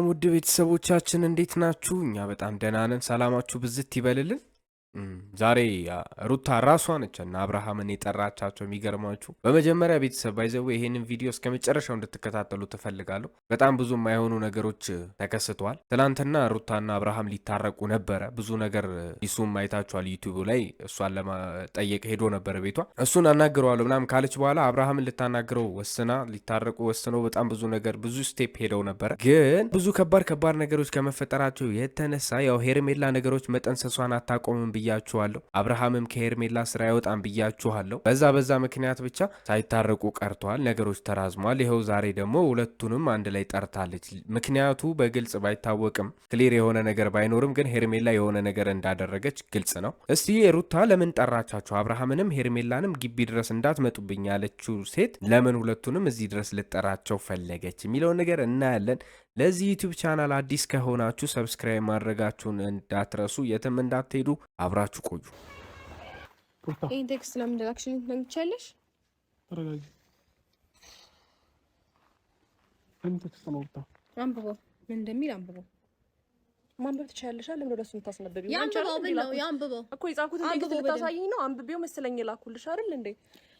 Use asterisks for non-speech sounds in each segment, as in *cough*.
ሰላም ውድ ቤተሰቦቻችን እንዴት ናችሁ? እኛ በጣም ደህና ነን። ሰላማችሁ ብዝት ይበልልን። ዛሬ ሩታ ራሷ ነች እና አብርሃምን የጠራቻቸው። የሚገርማችሁ በመጀመሪያ ቤተሰብ ባይዘዌ ይሄንን ቪዲዮ እስከ መጨረሻው እንድትከታተሉ ትፈልጋለሁ። በጣም ብዙ የማይሆኑ ነገሮች ተከስተዋል። ትናንትና ሩታና አብርሃም ሊታረቁ ነበረ። ብዙ ነገር ሊሱም አይታችኋል። ዩቲዩቡ ላይ እሷን ለማጠየቅ ሄዶ ነበረ ቤቷ። እሱን አናግረዋለሁ ምናምን ካለች በኋላ አብርሃምን ልታናግረው ወስና፣ ሊታረቁ ወስነው በጣም ብዙ ነገር ብዙ ስቴፕ ሄደው ነበረ። ግን ብዙ ከባድ ከባድ ነገሮች ከመፈጠራቸው የተነሳ ያው ሄርሜላ ነገሮች መጠንሰሷን አታቆምም ብያችኋለሁ። አብርሃምም ከሄርሜላ ስራ አይወጣም ብያችኋለሁ። በዛ በዛ ምክንያት ብቻ ሳይታረቁ ቀርተዋል። ነገሮች ተራዝሟል። ይኸው ዛሬ ደግሞ ሁለቱንም አንድ ላይ ጠርታለች። ምክንያቱ በግልጽ ባይታወቅም ክሊር የሆነ ነገር ባይኖርም ግን ሄርሜላ የሆነ ነገር እንዳደረገች ግልጽ ነው። እስቲ ሩታ ለምን ጠራቻቸው? አብርሃምንም ሄርሜላንም ግቢ ድረስ እንዳትመጡብኝ ያለችው ሴት ለምን ሁለቱንም እዚህ ድረስ ልጠራቸው ፈለገች የሚለውን ነገር እናያለን። ለዚህ ዩቲዩብ ቻናል አዲስ ከሆናችሁ ሰብስክራይብ ማድረጋችሁን እንዳትረሱ፣ የትም እንዳትሄዱ፣ አብራችሁ ቆዩ። ይህን ቴክስት ለምንድን ለምቻለሽ? ተረጋጊ። ቴክስት ነው? ምን እንደሚል ማንበብ ለምን የምታስነበብ? እኮ ቴክስት ልታሳይኝ ነው። አንብቤው መሰለኝ ላኩልሽ አይደል እንዴ?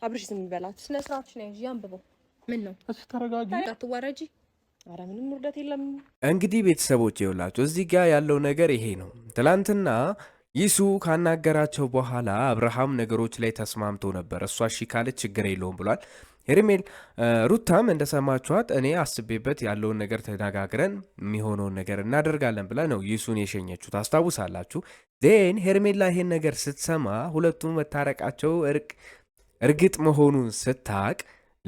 አብርሽ ዝም ይበላት። ስነ ስርዓትሽ ነው። ምን ነው? ተረጋጊ፣ አትዋረጂ አረ ምንም ውርደት የለም። እንግዲህ ቤተሰቦች የውላቸው እዚህ ጋር ያለው ነገር ይሄ ነው። ትላንትና ይሱ ካናገራቸው በኋላ አብርሃም ነገሮች ላይ ተስማምቶ ነበር። እሷ እሺ ካለች ችግር የለውም ብሏል። ሄርሜል ሩታም እንደሰማችኋት እኔ አስቤበት ያለውን ነገር ተነጋግረን የሚሆነውን ነገር እናደርጋለን ብላ ነው ይሱን የሸኘችው። ታስታውሳላችሁ። ዜን ሄርሜላ ይሄን ነገር ስትሰማ ሁለቱም መታረቃቸው እርቅ እርግጥ መሆኑን ስታቅ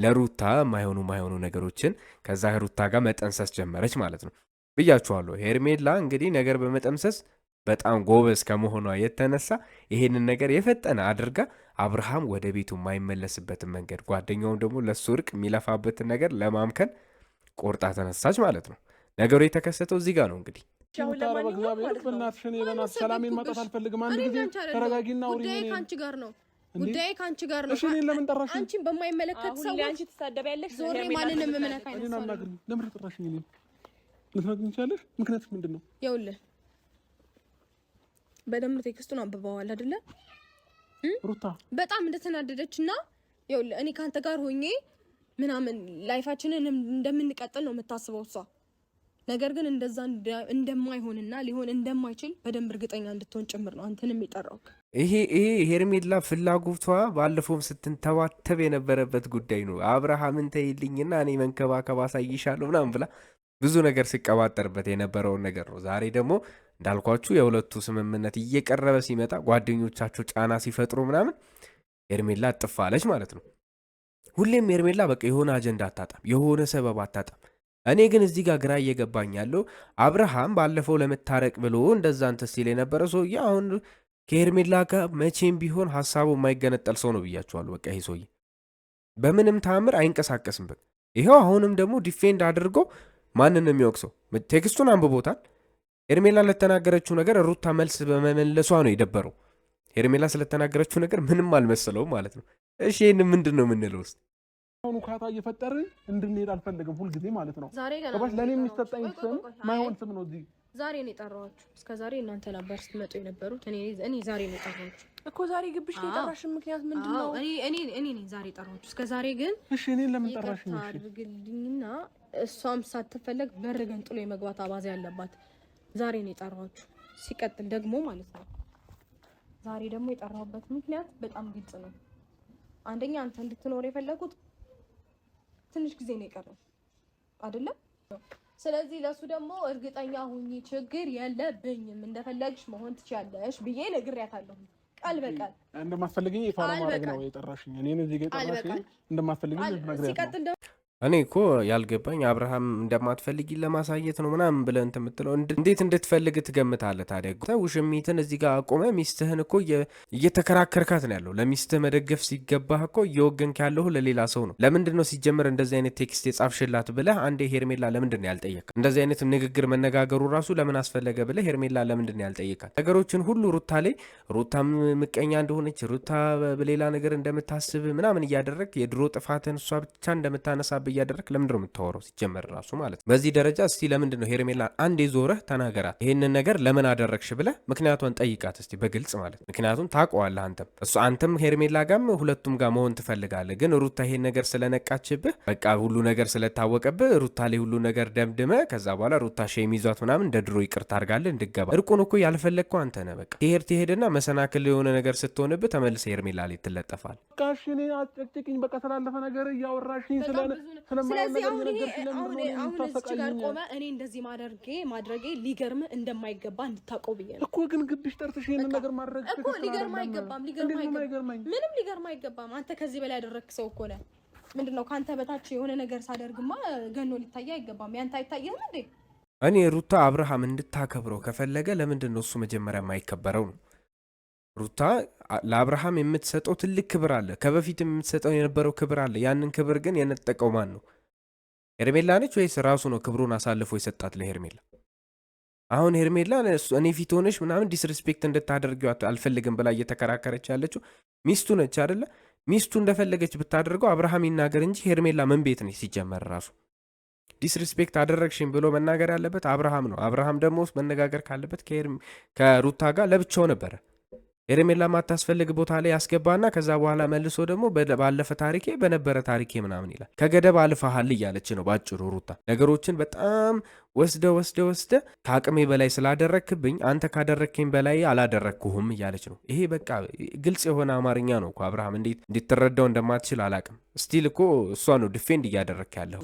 ለሩታ ማይሆኑ ማይሆኑ ነገሮችን ከዛ ሩታ ጋር መጠንሰስ ጀመረች ማለት ነው ብያችኋለሁ። ሄርሜላ እንግዲህ ነገር በመጠምሰስ በጣም ጎበዝ ከመሆኗ የተነሳ ይሄንን ነገር የፈጠነ አድርጋ አብርሃም ወደ ቤቱ የማይመለስበትን መንገድ ጓደኛውም ደግሞ ለእሱ እርቅ የሚለፋበትን ነገር ለማምከን ቆርጣ ተነሳች ማለት ነው። ነገሩ የተከሰተው እዚህ ጋር ነው። እንግዲህ በእግዚአብሔር በእናትሽ ሰላሜን ማጣት አልፈልግም። አንድ ጊዜ ተረጋጊና ውሪ። ከአንቺ ጋር ነው ጉዳይ ከአንቺ ጋር ነው። እሺ እኔን ለምን ጠራሽኝ? አንቺን በማይመለከት ሰው አንቺ ትሳደቢያለሽ። ዞሬ ማንንም የምነካ አይነት ሰው ለምን ጠራሽኝ? እኔን ልትነግሪኝ ትችያለሽ። ምንድን ነው ይኸውልህ፣ በደንብ ቴክስቱን አንብበዋል አይደለ? ሩታ በጣም እንደተናደደች እና ይኸውልህ፣ እኔ ከአንተ ጋር ሆኜ ምናምን ላይፋችንን እንደምንቀጥል ነው የምታስበው እሷ ነገር ግን እንደዛ እንደማይሆንና ሊሆን እንደማይችል በደንብ እርግጠኛ እንድትሆን ጭምር ነው አንተንም የጠራው። ይሄ ይሄ ሄርሜላ ፍላጎቷ ባለፈውም ስትንተባተብ የነበረበት ጉዳይ ነው። አብርሃምን ተይልኝና እኔ መንከባከብ አሳይሻለሁ ምናምን ብላ ብዙ ነገር ሲቀባጠርበት የነበረውን ነገር ነው። ዛሬ ደግሞ እንዳልኳችሁ የሁለቱ ስምምነት እየቀረበ ሲመጣ ጓደኞቻቸው ጫና ሲፈጥሩ ምናምን ሄርሜላ ጥፋለች ማለት ነው። ሁሌም ሄርሜላ በቃ የሆነ አጀንዳ አታጣም፣ የሆነ ሰበብ አታጣም። እኔ ግን እዚህ ጋር ግራ እየገባኝ ያለው አብርሃም ባለፈው ለመታረቅ ብሎ እንደዛ እንትን ሲል የነበረ ሰውዬ አሁን ከሄርሜላ ጋር መቼም ቢሆን ሀሳቡ የማይገነጠል ሰው ነው ብያቸዋለሁ። በቃ ይሄ ሰውዬ በምንም ታምር አይንቀሳቀስም። በቃ ይኸው አሁንም ደግሞ ዲፌንድ አድርጎ ማንን ነው የሚወቅሰው? ቴክስቱን አንብቦታል። ሄርሜላ ለተናገረችው ነገር ሩታ መልስ በመመለሷ ነው የደበረው። ሄርሜላ ስለተናገረችው ነገር ምንም አልመሰለውም ማለት ነው። እሺ ይህን ምንድን ነው የምንለው ውስጥ አሁን ውካታ እየፈጠርን እንድንሄድ አልፈለግም። ሁልጊዜ ማለት ነው ዛሬ ለእኔ የሚሰጠኝ ስም ማይሆን ስም ነው። እዚህ ዛሬ ነው የጠራኋችሁ። እስከ ዛሬ እናንተ ነበር ስትመጡ የነበሩት። እኔ ዛሬ ነው የጠራኋችሁ እኮ ዛሬ ግብሽ ነው የጠራሽን ምክንያት ምንድን ነው? እኔ ነኝ ዛሬ የጠራኋችሁ። እስከ ዛሬ ግን እሺ፣ እኔን ለምን ጠራሽኝ? አድርግልኝና እሷም ሳትፈለግ በር ገንጥሎ የመግባት አባዜ ያለባት ዛሬ ነው የጠራኋችሁ። ሲቀጥል ደግሞ ማለት ነው ዛሬ ደግሞ የጠራሁበት ምክንያት በጣም ግልጽ ነው። አንደኛ አንተ እንድትኖር የፈለጉት ትንሽ ጊዜ ነው የቀረው አይደለም። ስለዚህ ለሱ ደግሞ እርግጠኛ ሁኚ፣ ችግር የለብኝም፣ እንደፈለግሽ መሆን ትችያለሽ ብዬ ነግሬያታለሁ። ቃል በቃል እንደማትፈልግኝ ይፋ ለማድረግ ነው የጠራሽኝ። እኔን እዚህ ጋ የጠራሽኝ እንደማትፈልግኝ ነግሬያት እኔ እኮ ያልገባኝ አብርሃም እንደማትፈልጊ ለማሳየት ነው ምናምን ብለህ እንትን የምትለው እንዴት እንድትፈልግ ትገምታለህ ታዲያ? ውሽሚትን እዚህ ጋር አቁመህ ሚስትህን እኮ እየተከራከርካት ነው ያለው። ለሚስትህ መደገፍ ሲገባህ እኮ እየወገንክ ያለሁ ለሌላ ሰው ነው። ለምንድን ነው ሲጀመር እንደዚህ አይነት ቴክስት የጻፍሽላት ብለህ አንዴ ሄርሜላ ለምንድን ነው ያልጠየካት? እንደዚህ አይነት ንግግር መነጋገሩ ራሱ ለምን አስፈለገ ብለህ ሄርሜላ ለምንድን ነው ያልጠየካት? ነገሮችን ሁሉ ሩታ ላይ ሩታ ምቀኛ እንደሆነች ሩታ ሌላ ነገር እንደምታስብ ምናምን እያደረግ የድሮ ጥፋትን እሷ ብቻ እንደምታነሳብ እያደረክ ለምንድነው የምታወረው? ሲጀመር ራሱ ማለት ነው። በዚህ ደረጃ እስቲ ለምንድነው ሄርሜላ አንዴ ዞረህ ተናገራት፣ ይህንን ነገር ለምን አደረግሽ ብለ ምክንያቷን ጠይቃት እስቲ በግልጽ ማለት ነው። ምክንያቱም ታውቀዋለህ አንተም እሱ አንተም ሄርሜላ ጋም ሁለቱም ጋር መሆን ትፈልጋለህ። ግን ሩታ ይሄን ነገር ስለነቃችብህ በቃ ሁሉ ነገር ስለታወቀብህ ሩታ ላይ ሁሉ ነገር ደምድመ ከዛ በኋላ ሩታ ሼም ይዟት ምናምን እንደ ድሮ ይቅርታ አድርጋለህ እንድገባ እርቁን እኮ ያልፈለግከው አንተ ነህ። በቃ ትሄድ ትሄድና መሰናክል የሆነ ነገር ስትሆንብህ ተመልሰ ሄርሜላ ላይ ትለጠፋል። በቃ እሺ በቃ ስላለፈ ነገር እያወራሽኝ ስለሆነ ስለዚህ አሁን አሁን እዚህ ጋር ቆመ። እኔ እንደዚህ ማድረጌ ማድረጌ ሊገርም እንደማይገባ እንድታውቀው ብዬ ነው እኮ። ግን ግብሽ ጠርተሽ ይሄንን ነገር ማድረግ እኮ ሊገርም አይገባም። ሊገርም አይገባም። ምንም ሊገርም አይገባም። አንተ ከዚህ በላይ ያደረክ ሰው እኮ ነህ። ምንድን ነው ከአንተ በታች የሆነ ነገር ሳደርግማ ገኖ ሊታየ አይገባም። ያንተ አይታየህም እንዴ? እኔ ሩታ አብርሃም እንድታከብረው ከፈለገ ለምንድን ነው እሱ መጀመሪያ የማይከበረው ነው ሩታ ለአብርሃም የምትሰጠው ትልቅ ክብር አለ። ከበፊት የምትሰጠው የነበረው ክብር አለ። ያንን ክብር ግን የነጠቀው ማን ነው? ሄርሜላ ነች ወይስ ራሱ ነው ክብሩን አሳልፎ የሰጣት ለሄርሜላ? አሁን ሄርሜላ እኔ ፊት ሆነች ምናምን ዲስሪስፔክት እንድታደርጊው አልፈልግም ብላ እየተከራከረች ያለችው ሚስቱ ነች አደለ? ሚስቱ እንደፈለገች ብታደርገው አብርሃም ይናገር እንጂ ሄርሜላ ምን ቤት ነች ሲጀመር? ራሱ ዲስሪስፔክት አደረግሽኝ ብሎ መናገር ያለበት አብርሃም ነው። አብርሃም ደግሞ መነጋገር ካለበት ከሩታ ጋር ለብቻው ነበረ ኤርሜላ ማታስፈልግ ቦታ ላይ ያስገባና ከዛ በኋላ መልሶ ደግሞ ባለፈ ታሪኬ በነበረ ታሪኬ ምናምን ይላል። ከገደብ አልፈሃል እያለች ነው ባጭሩ ሩታ ነገሮችን በጣም ወስደ ወስደ ወስደ ከአቅሜ በላይ ስላደረክብኝ አንተ ካደረክኝ በላይ አላደረግኩህም እያለች ነው። ይሄ በቃ ግልጽ የሆነ አማርኛ ነው እኮ አብርሃም፣ እንዴት እንድትረዳው እንደማትችል አላቅም። ስቲል እኮ እሷ ነው ዲፌንድ እያደረክ ያለሁ።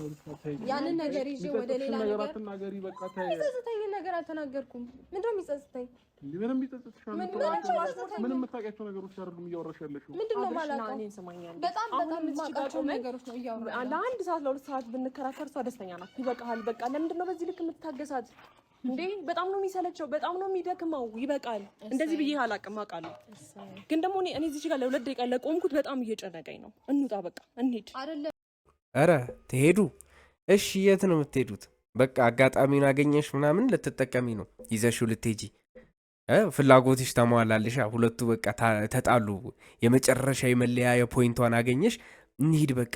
ያንን ነገር ይዤ ወደ ሌላ ነገር ነገር አልተናገርኩም። ምንድን ነው የሚጸጽተኝ? ምንም የምታውቂያቸው ነገሮች አይደሉም እያወራሽ ያለሽው። ነው በጣም በጣም ለሁለት ሰዓት ብንከራከር ደስተኛ ናት። ይበቃሃል፣ በቃ ለምንድን በዚህ ልክ ነበርክ የምትታገሳት እንዴ? በጣም ነው የሚሰለቸው፣ በጣም ነው የሚደክመው። ይበቃል። እንደዚህ ብዬ አላቅም አውቃለሁ፣ ግን ደግሞ እኔ እዚህ ጋር ለሁለት ደቂቃ ለቆምኩት በጣም እየጨነቀኝ ነው። እንውጣ፣ በቃ እንሂድ። አረ ትሄዱ? እሺ፣ የት ነው የምትሄዱት? በቃ አጋጣሚውን አገኘሽ ምናምን ልትጠቀሚ ነው ይዘሽው ልትሄጂ ፍላጎትሽ ተሟላለሻ። ሁለቱ በቃ ተጣሉ፣ የመጨረሻ የመለያያ ፖይንቷን አገኘሽ። እንሂድ በቃ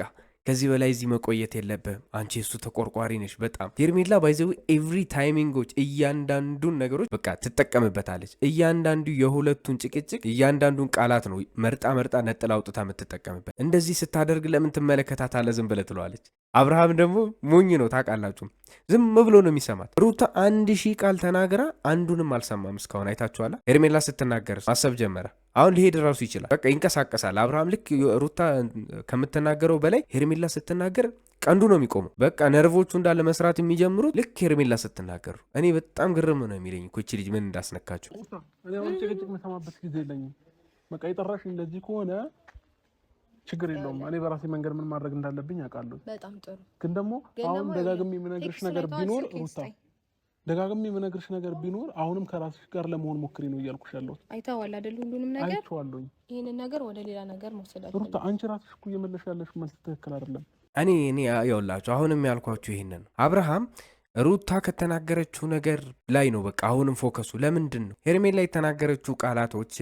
ከዚህ በላይ እዚህ መቆየት የለብህም። አንቺ እሱ ተቆርቋሪ ነች በጣም ሄርሜላ ባይዘዊ ኤቭሪ ታይሚንጎች፣ እያንዳንዱን ነገሮች በቃ ትጠቀምበታለች። እያንዳንዱ የሁለቱን ጭቅጭቅ፣ እያንዳንዱን ቃላት ነው መርጣ መርጣ ነጥላ አውጥታ የምትጠቀምበት። እንደዚህ ስታደርግ ለምን ትመለከታታለህ? ዝም ብለህ ትለዋለች። አብርሃም ደግሞ ሞኝ ነው ታውቃላችሁ። ዝም ብሎ ነው የሚሰማት። ሩታ አንድ ሺህ ቃል ተናግራ አንዱንም አልሰማም እስካሁን። አይታችኋላ ሄርሜላ ስትናገር ማሰብ ጀመረ። አሁን ሊሄድ ራሱ ይችላል። በቃ ይንቀሳቀሳል። አብርሃም ልክ ሩታ ከምትናገረው በላይ ሄርሜላ ስትናገር ቀንዱ ነው የሚቆመው። በቃ ነርቮቹ እንዳለ መስራት የሚጀምሩት ልክ ሄርሜላ ስትናገሩ እኔ በጣም ግርም ነው የሚለኝ እኮ ይቺ ልጅ ምን እንዳስነካቸው። እኔ አሁን ጭቅጭቅ የምሰማበት ጊዜ የለኝም። በቃ የጠራሽ እንደዚህ ከሆነ ችግር የለውም። እኔ በራሴ መንገድ ምን ማድረግ እንዳለብኝ አውቃለሁ። ግን ደግሞ አሁን ደጋግሜ የምነግርሽ ነገር ቢኖር ሩታ ደጋግም የምነግርሽ ነገር ቢኖር አሁንም ከራስሽ ጋር ለመሆን ሞክሪ ነው እያልኩሽ ያለሁት። አይተዋል አይደል? ሁሉንም ነገር አይቼዋለሁኝ። ይህንን ነገር ወደ ሌላ ነገር መውሰድ ሩታ፣ አንቺ ራስሽ እኮ እየመለሽ ያለሽ መልስ ትክክል አይደለም። እኔ እኔ ያውላችሁ አሁንም ያልኳችሁ ይህንን አብርሃም ሩታ ከተናገረችው ነገር ላይ ነው። በቃ አሁንም ፎከሱ ለምንድን ነው? ሄርሜላ የተናገረችው ቃላቶች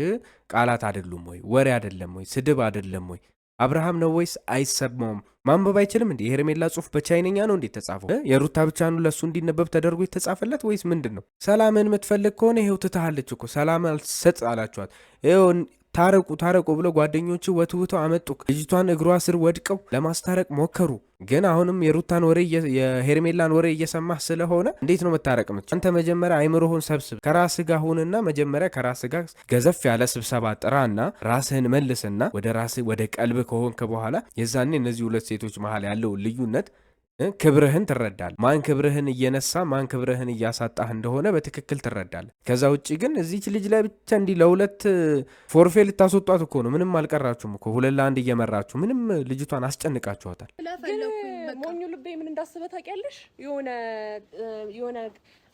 ቃላት አይደሉም ወይ? ወሬ አይደለም ወይ? ስድብ አይደለም ወይ? አብርሃም ነው ወይስ አይሰማውም? ማንበብ አይችልም እንዴ? የሄርሜላ ጽሁፍ በቻይነኛ ነው እንዴት ተጻፈው? የሩታ ብቻ ነው ለእሱ እንዲነበብ ተደርጎ የተጻፈለት ወይስ ምንድን ነው? ሰላምን የምትፈልግ ከሆነ ይኸው ትትሃለች እኮ ሰላም አልሰጥ አላችኋት። ታረቁ ታረቁ ብሎ ጓደኞቹ ወትውቶ አመጡ። ልጅቷን እግሯ ስር ወድቀው ለማስታረቅ ሞከሩ። ግን አሁንም የሩታን ወሬ የሄርሜላን ወሬ እየሰማህ ስለሆነ እንዴት ነው መታረቅ ምት አንተ መጀመሪያ አይምሮህን ሰብስብ፣ ከራስህ ጋር ሁንና መጀመሪያ ከራስህ ጋር ገዘፍ ያለ ስብሰባ ጥራና ራስህን መልስና ወደ ራስህ ወደ ቀልብ ከሆንክ በኋላ የዛኔ እነዚህ ሁለት ሴቶች መሀል ያለው ልዩነት ክብርህን ትረዳል። ማን ክብርህን እየነሳ ማን ክብርህን እያሳጣህ እንደሆነ በትክክል ትረዳል። ከዛ ውጭ ግን እዚች ልጅ ላይ ብቻ እንዲህ ለሁለት ፎርፌ ልታስወጧት እኮ ነው። ምንም አልቀራችሁም እኮ ሁለት ለአንድ እየመራችሁ ምንም ልጅቷን አስጨንቃችኋታል። ሞኙ ልቤ ምን እንዳስበ ታውቂያለሽ? የሆነ የሆነ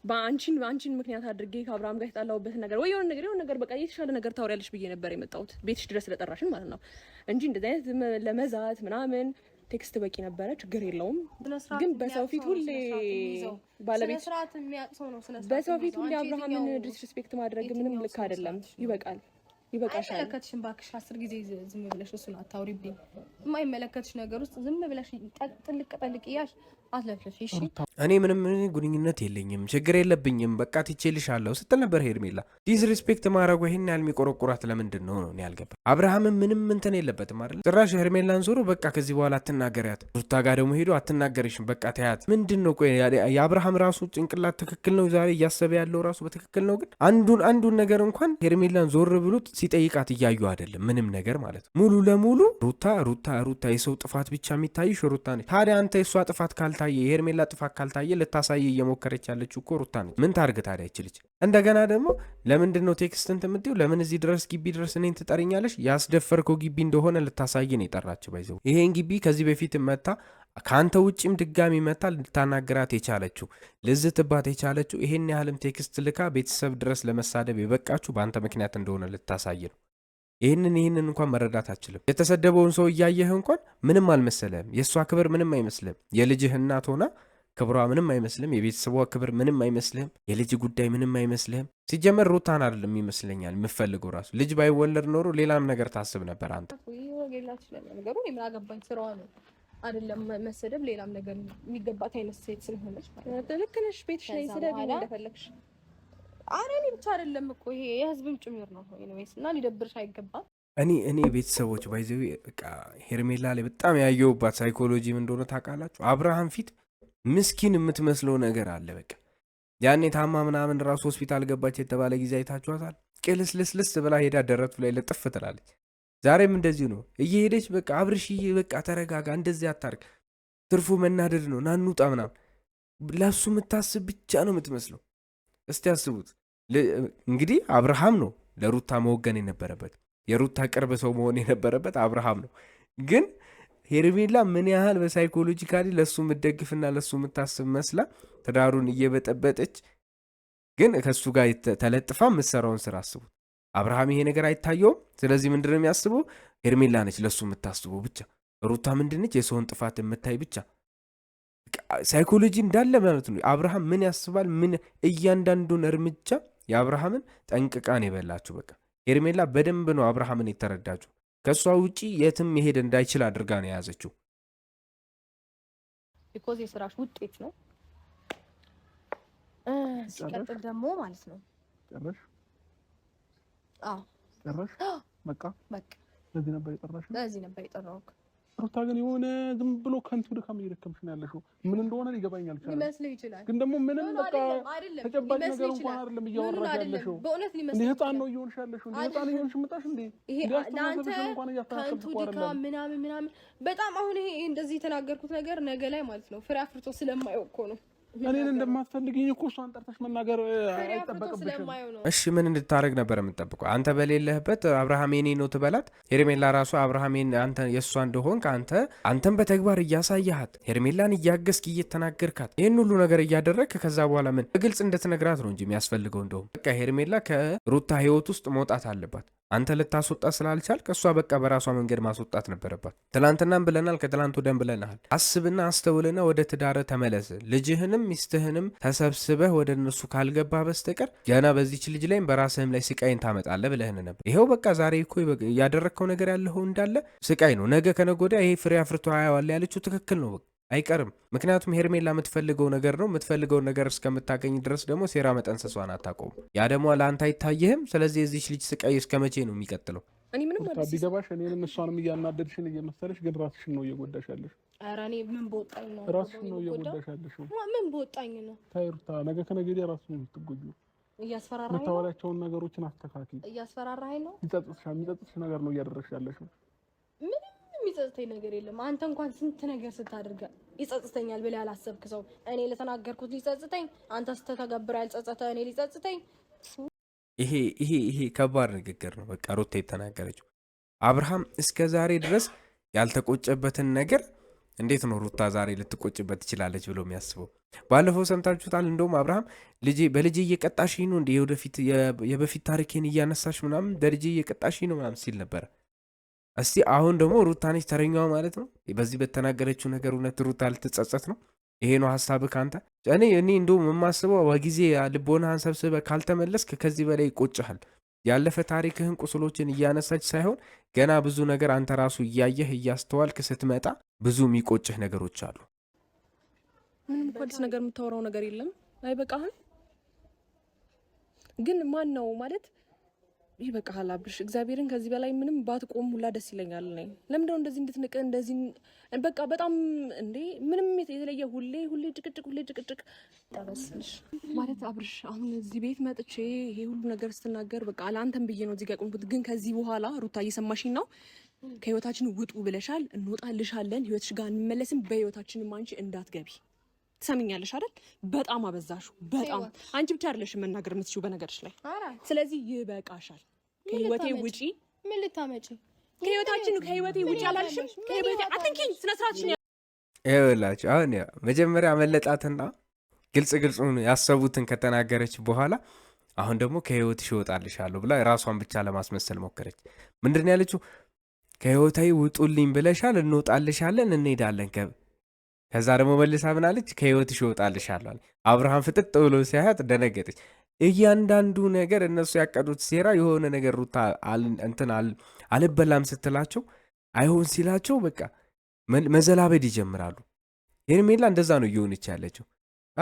በአንቺን በአንቺን ምክንያት አድርጌ ከአብርሃም ጋር የተጣላሁበት ነገር ወይ የሆነ ነገር የሆነ ነገር በቃ የተሻለ ነገር ታወሪያለሽ ብዬ ነበር የመጣሁት ቤትሽ ድረስ ስለጠራሽን ማለት ነው እንጂ እንደዚህ አይነት ለመዛት ምናምን ቴክስት በቂ ነበረ፣ ችግር የለውም። ግን በሰው ፊት ሁሌ ባለቤት በሰው ፊት ሁሌ አብርሃምን ዲስሪስፔክት ማድረግ ምንም ልክ አይደለም። ይበቃል፣ ይበቃሻል። አይመለከትሽም እባክሽ። አስር ጊዜ ዝም ብለሽ እሱን አታውሪብኝ። የማይመለከትሽ ነገር ውስጥ ዝም ብለሽ ጥልቅ ጠልቅ እያልሽ አትለፍለሽ። እኔ ምንም ግንኙነት የለኝም ችግር የለብኝም በቃ ትቼልሻለሁ ስትል ነበር ሄርሜላ። ዲስሪስፔክት ማድረጉ ይህን ያህል የሚቆረቁራት ለምንድን ነው ነው ያልገባ። አብርሃምም ምንም እንትን የለበትም አይደል ጭራሽ ሄርሜላን ዞሮ በቃ ከዚህ በኋላ አትናገሪያት፣ ሩታ ጋር ደግሞ ሄዶ አትናገርሽም፣ በቃ ተያት። ምንድን ነው ቆይ የአብርሃም ራሱ ጭንቅላት ትክክል ነው ዛሬ እያሰበ ያለው ራሱ በትክክል ነው፣ ግን አንዱን አንዱን ነገር እንኳን ሄርሜላን ዞር ብሎ ሲጠይቃት እያዩ አይደለም ምንም ነገር ማለት ነው ሙሉ ለሙሉ ሩታ ሩታ ሩታ የሰው ጥፋት ብቻ የሚታይሽ ሩታ ነች። ታዲያ አንተ የእሷ ጥፋት ካልታየ የሄርሜላ ጥፋት ካልታየ ልታሳየ እየሞከረች ያለችው እኮ ሩታ ነች። ምን ታርግ ታዲያ ይችልች? እንደገና ደግሞ ለምንድን ነው ቴክስት እንትን የምትይው? ለምን እዚህ ድረስ ግቢ ድረስ እኔን ትጠርኛለሽ? ያስደፈርከው ግቢ እንደሆነ ልታሳይ ነው የጠራችው። ባይዘው ይሄን ግቢ ከዚህ በፊት መታ ከአንተ ውጭም ድጋሚ መታ ልታናግራት የቻለችው ልዝትባት የቻለችው ይሄን ያህልም ቴክስት ልካ ቤተሰብ ድረስ ለመሳደብ የበቃችሁ በአንተ ምክንያት እንደሆነ ልታሳይ ነው። ይህንን ይህንን እንኳን መረዳት አችልም። የተሰደበውን ሰው እያየህ እንኳን ምንም አልመሰለም። የእሷ ክብር ምንም አይመስልም። የልጅህ እናት ሆና ክብሯ ምንም አይመስልም። የቤተሰቧ ክብር ምንም አይመስልህም። የልጅ ጉዳይ ምንም አይመስልህም። ሲጀመር ሩታን አይደለም ይመስለኛል የምፈልገው ራሱ ልጅ ባይወለድ ኖሮ ሌላም ነገር ታስብ ነበር። አንተ ነገሩ ምን አገባኝ ስራዋ ነው አይደለም መሰደብ ሌላም ነገር የሚገባት አይነት ሴት ስለሆነች ልክ ነሽ። ቤትሽ ላይ ስደብ እንደፈለግሽ አረ እኔ ብቻ አይደለም እኮ ይሄ የህዝብም ጭምር ነው። ኤኒዌይስ እና ሊደብርሽ አይገባም። እኔ እኔ ቤተሰቦች ባይዘ በቃ ሄርሜላ ላይ በጣም ያየውባት ሳይኮሎጂ ምን እንደሆነ ታውቃላችሁ? አብርሃም ፊት ምስኪን የምትመስለው ነገር አለ። በቃ ያኔ ታማ ምናምን ራሱ ሆስፒታል ገባች የተባለ ጊዜ አይታችኋታል። ቅልስልስልስ ብላ ሄዳ ደረቱ ላይ ለጥፍ ትላለች። ዛሬም እንደዚሁ ነው እየሄደች በቃ አብርሽዬ በቃ ተረጋጋ፣ እንደዚህ አታርግ፣ ትርፉ መናደድ ነው ናኑጣ ምናምን ለሱ የምታስብ ብቻ ነው የምትመስለው እስቲ ያስቡት እንግዲህ አብርሃም ነው ለሩታ መወገን የነበረበት የሩታ ቅርብ ሰው መሆን የነበረበት አብርሃም ነው። ግን ሄርሜላ ምን ያህል በሳይኮሎጂካሊ ለእሱ የምትደግፍና ለእሱ የምታስብ መስላ ትዳሩን እየበጠበጠች ግን ከእሱ ጋር ተለጥፋ የምትሰራውን ስራ አስቡ። አብርሃም ይሄ ነገር አይታየውም። ስለዚህ ምንድን ነው የሚያስበው? ሄርሜላ ነች ለእሱ የምታስበው ብቻ። ሩታ ምንድነች? የሰውን ጥፋት የምታይ ብቻ ሳይኮሎጂ እንዳለ ማለት ነው። አብርሃም ምን ያስባል? ምን እያንዳንዱን እርምጃ የአብርሃምን ጠንቅቃን የበላችሁ በቃ ሄርሜላ በደንብ ነው አብርሃምን የተረዳችሁ። ከእሷ ውጪ የትም መሄድ እንዳይችል አድርጋ ነው የያዘችው። ቢኮዝ የስራሽ ውጤት ነው። ሲቀጥል ደግሞ ማለት ነው ጨረሽ? ጨረሽ። *gasps* በቃ በቃ። ለዚህ ነበር የጠራሽ? በዚህ ነበር የጠራሁት። ሩታ ግን የሆነ ዝም ብሎ ከንቱ ድካም እየደከምሽ ነው ያለሽው። ምን እንደሆነ ሊገባኝ አልቻለም። ሊመስልህ ይችላል፣ ግን ደግሞ ምንም በቃ ተጨባጭ ነገር እንኳን አይደለም እያወራሽ ያለሽው። በእውነት እንደ ህፃን ነው እየሆንሽ ያለሽው። እንደ ህፃን እየሆንሽ መጣሽ እንዴ! ለአንተ ከንቱ ድካም ምናምን ምናምን። በጣም አሁን ይሄ እንደዚህ የተናገርኩት ነገር ነገ ላይ ማለት ነው ፍሬ አፍርቶ ስለማያውቅ እኮ ነው እኔን እንደማትፈልግኝ እኮ እሷን ጠርተሽ መናገር አይጠበቅብሽም። እሺ ምን እንድታደረግ ነበር የምጠብቀው? አንተ በሌለህበት አብርሃም የኔ ነው ትበላት። ሄርሜላ ራሱ አብርሃም አንተ የእሷ እንደሆንክ አንተ አንተን በተግባር እያሳያሃት ሄርሜላን እያገዝክ እየተናገርካት ይህን ሁሉ ነገር እያደረግክ ከዛ በኋላ ምን በግልጽ እንደትነግራት ነው እንጂ የሚያስፈልገው እንደውም በቃ ሄርሜላ ከሩታ ህይወት ውስጥ መውጣት አለባት። አንተ ልታስወጣት ስላልቻል ከእሷ በቃ በራሷ መንገድ ማስወጣት ነበረባት። ትላንትናም ብለናል፣ ከትላንት ደን ብለናል። አስብና አስተውልና ወደ ትዳረ ተመለስ። ልጅህንም ሚስትህንም ተሰብስበህ ወደ እነሱ ካልገባ በስተቀር ገና በዚች ልጅ ላይም በራስህም ላይ ስቃይን ታመጣለህ ብለህን ነበር። ይኸው በቃ ዛሬ እኮ ያደረግከው ነገር ያለኸው እንዳለ ስቃይ ነው። ነገ ከነገ ወዲያ ይሄ ፍሬ አፍርቶ ያዋለ ያለችው ትክክል ነው በቃ አይቀርም። ምክንያቱም ሄርሜላ የምትፈልገው ነገር ነው። የምትፈልገው ነገር እስከምታገኝ ድረስ ደግሞ ሴራ መጠንሰሷን አታቆም። ያ ደግሞ ለአንተ አይታየህም። ስለዚህ የዚች ልጅ ስቃይ እስከ መቼ ነው የሚቀጥለው? ቢገባሽ እኔንም እሷንም እያናደድሽን እየመሰለሽ ግን ራስሽን ነው እየጎዳሽ ያለሽ። ምን በወጣኝ ነው ራስሽን ነው እየጎዳሽ ምን በወጣኝ ነው ታይሩታ። ነገ ከነገ ወዲያ ራስሽን ነው የምትጎጂው። እያስፈራራኸኝ ነው። የምታወሪያቸውን ነገሮችን አስተካክል። እያስፈራራኸኝ ነው። የሚጸጽትሽ ነገር ነው እያደረግሽ ያለሽው የሚጸጽተኝ ነገር የለም። አንተ እንኳን ስንት ነገር ስታደርገ ይጸጽተኛል ብለህ ያላሰብክ ሰው እኔ ለተናገርኩት ሊጸጽተኝ፣ አንተ ስተተገብር ያልጸጸተ እኔ ሊጸጽተኝ። ይሄ ይሄ ይሄ ከባድ ንግግር ነው። በቃ ሩታ የተናገረችው አብርሃም እስከ ዛሬ ድረስ ያልተቆጨበትን ነገር እንዴት ነው ሩታ ዛሬ ልትቆጭበት ትችላለች ብሎ የሚያስበው? ባለፈው ሰምታችሁታል። እንደውም አብርሃም ልጄ በልጄ እየቀጣሽ ነው እንደ የበፊት ታሪኬን እያነሳሽ ምናምን በልጄ እየቀጣሽ ነው ምናምን ሲል ነበረ። እስቲ አሁን ደግሞ ሩታ ነች ተረኛዋ ማለት ነው። በዚህ በተናገረችው ነገር እውነት ሩታ ልትጸጸት ነው? ይሄ ነው ሀሳብ ከአንተ? እኔ እኔ እንደውም የማስበው በጊዜ ልቦናህን ሰብስበህ ካልተመለስክ ከዚህ በላይ ይቆጭሃል። ያለፈ ታሪክህን ቁስሎችን እያነሳች ሳይሆን ገና ብዙ ነገር አንተ ራሱ እያየህ እያስተዋልክ ስትመጣ ብዙ የሚቆጭህ ነገሮች አሉ። ምንም እኮ አዲስ ነገር የምታወራው ነገር የለም። አይበቃህም? ግን ማን ነው ማለት ይበቃሃል አብርሽ፣ እግዚአብሔርን ከዚህ በላይ ምንም ባትቆም ሁላ ደስ ይለኛል። እኔ ለምንድነው እንደዚህ እንድትንቅ እንደዚህ በቃ በጣም እንዴ ምንም የተለየ ሁሌ ሁሌ ጭቅጭቅ፣ ሁሌ ጭቅጭቅ ጠበስልሽ ማለት አብርሽ፣ አሁን እዚህ ቤት መጥቼ ይሄ ሁሉ ነገር ስትናገር በቃ ለአንተን ብዬ ነው እዚህ ጋር ግን ከዚህ በኋላ ሩታ እየሰማሽኝ ነው ከህይወታችን ውጡ ብለሻል። እንወጣልሻለን፣ ህይወትሽ ጋር እንመለስም፣ በህይወታችንም አንቺ እንዳትገቢ ትሰሚኛለሽ አይደል? በጣም አበዛሹ። በጣም አንቺ ብቻ አይደለሽ መናገር የምትችው በነገርሽ ላይ። ስለዚህ ይበቃሻል። ከህይወቴ ውጪ ምን ልታመጪ? ከህይወታችን ከህይወቴ ውጪ አላልሽም? ከህይወቴ አትንኪኝ። ስነ ስርዓትሽን ይኸውላችሁ። አሁን ያ መጀመሪያ መለጣትና ግልጽ ግልጹን ያሰቡትን ከተናገረች በኋላ አሁን ደግሞ ከህይወትሽ እወጣልሻለሁ ብላ ራሷን ብቻ ለማስመሰል ሞከረች። ምንድን ያለችው? ከህይወታዊ ውጡልኝ ብለሻል፣ እንወጣልሻለን፣ እንሄዳለን ከዛ ደግሞ መልሳ ምናለች? ከህይወትሽ አሏል። አብርሃም ፍጥጥ ብሎ ሲያያት ደነገጠች። እያንዳንዱ ነገር እነሱ ያቀዱት ሴራ የሆነ ነገር ሩታ እንትን አልበላም ስትላቸው አይሆን ሲላቸው በቃ መዘላበድ ይጀምራሉ። ሄርሜላ እንደዛ ነው እየሆነች ያለችው።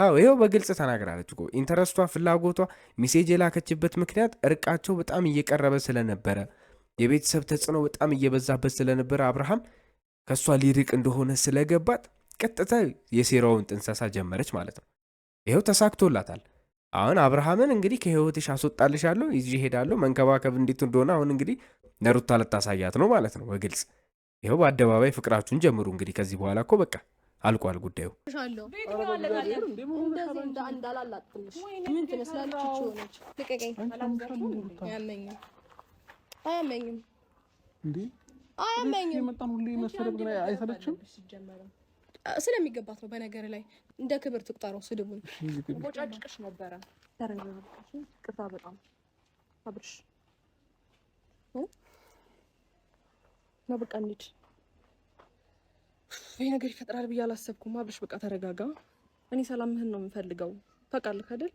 አዎ ይኸው በግልጽ ተናግራለች እኮ ኢንተረስቷ፣ ፍላጎቷ ሚሴጅ የላከችበት ምክንያት እርቃቸው በጣም እየቀረበ ስለነበረ የቤተሰብ ተጽዕኖ በጣም እየበዛበት ስለነበረ አብርሃም ከእሷ ሊርቅ እንደሆነ ስለገባት ቀጥታ የሴራውን ጥንሰሳ ጀመረች ማለት ነው። ይኸው ተሳክቶላታል። አሁን አብርሃምን እንግዲህ ከህይወትሽ አስወጣልሻለሁ፣ ይዤ እሄዳለሁ፣ መንከባከብ እንዴት እንደሆነ አሁን እንግዲህ ለሩታ ልታሳያት ነው ማለት ነው በግልጽ ይኸው በአደባባይ ፍቅራችሁን ጀምሩ። እንግዲህ ከዚህ በኋላ እኮ በቃ አልቋል ጉዳዩ። አያመኝም። አያመኝም። ስለሚገባት ነው። በነገር ላይ እንደ ክብር ትቁጠረው። ስድቡን ቦጫጭቅሽ ነበረ ቅርታ በጣም አብርሽ ነው። በቃ እንሂድ። ይህ ነገር ይፈጥራል ብዬ አላሰብኩም። አብርሽ በቃ ተረጋጋ። እኔ ሰላምህን ነው የምፈልገው። ታውቃለህ አይደል?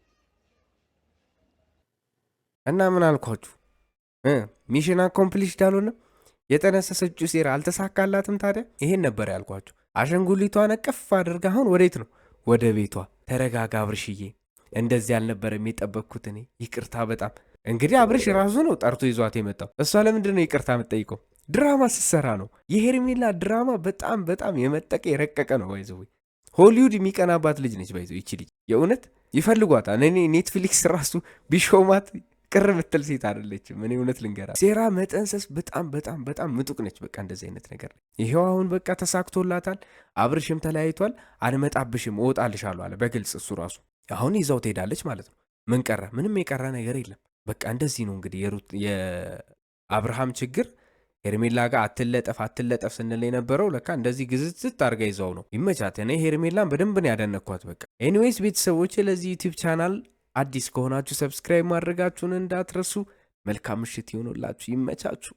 እና ምን አልኳችሁ? ሚሽን አኮምፕሊሽድ አልሆነም። የጠነሰሰችው ሴራ አልተሳካላትም። ታዲያ ይሄን ነበር ያልኳቸው። ነ እቅፍ አድርጋ አሁን ወዴት ነው? ወደ ቤቷ። ተረጋጋ አብርሽዬ፣ እንደዚህ አልነበረም የጠበቅኩት እኔ። ይቅርታ በጣም እንግዲህ አብርሽ ራሱ ነው ጠርቶ ይዟት የመጣው። እሷ ለምንድን ነው ይቅርታ የምጠይቀው? ድራማ ስትሰራ ነው። የሄርሜላ ድራማ በጣም በጣም የመጠቀ የረቀቀ ነው። ይዘ ሆሊውድ የሚቀናባት ልጅ ነች። ይዘ ይቺ ልጅ የእውነት ይፈልጓታል። እኔ ኔትፍሊክስ ራሱ ቢሾማት ቅር ምትል ሴት አይደለችም። እኔ እውነት ልንገራ ሴራ መጠንሰስ በጣም በጣም በጣም ምጡቅ ነች። በቃ እንደዚህ አይነት ነገር ይሄው አሁን በቃ ተሳክቶላታል። አብርሽም ተለያይቷል። አልመጣብሽም እወጣልሻለሁ አለ በግልጽ እሱ ራሱ። አሁን ይዛው ትሄዳለች ማለት ነው። ምን ቀረ? ምንም የቀረ ነገር የለም። በቃ እንደዚህ ነው እንግዲህ የአብርሃም ችግር። ሄርሜላ ጋር አትለጠፍ አትለጠፍ ስንል የነበረው ለካ እንደዚህ ግዝት አርጋ ይዘው ነው። ይመቻት። እኔ ሄርሜላን በደንብ ነው ያደነኳት። በቃ ኤኒዌይስ ቤተሰቦች ለዚህ ዩቲብ ቻናል አዲስ ከሆናችሁ ሰብስክራይብ ማድረጋችሁን እንዳትረሱ። መልካም ምሽት ይሆኑላችሁ። ይመቻችሁ።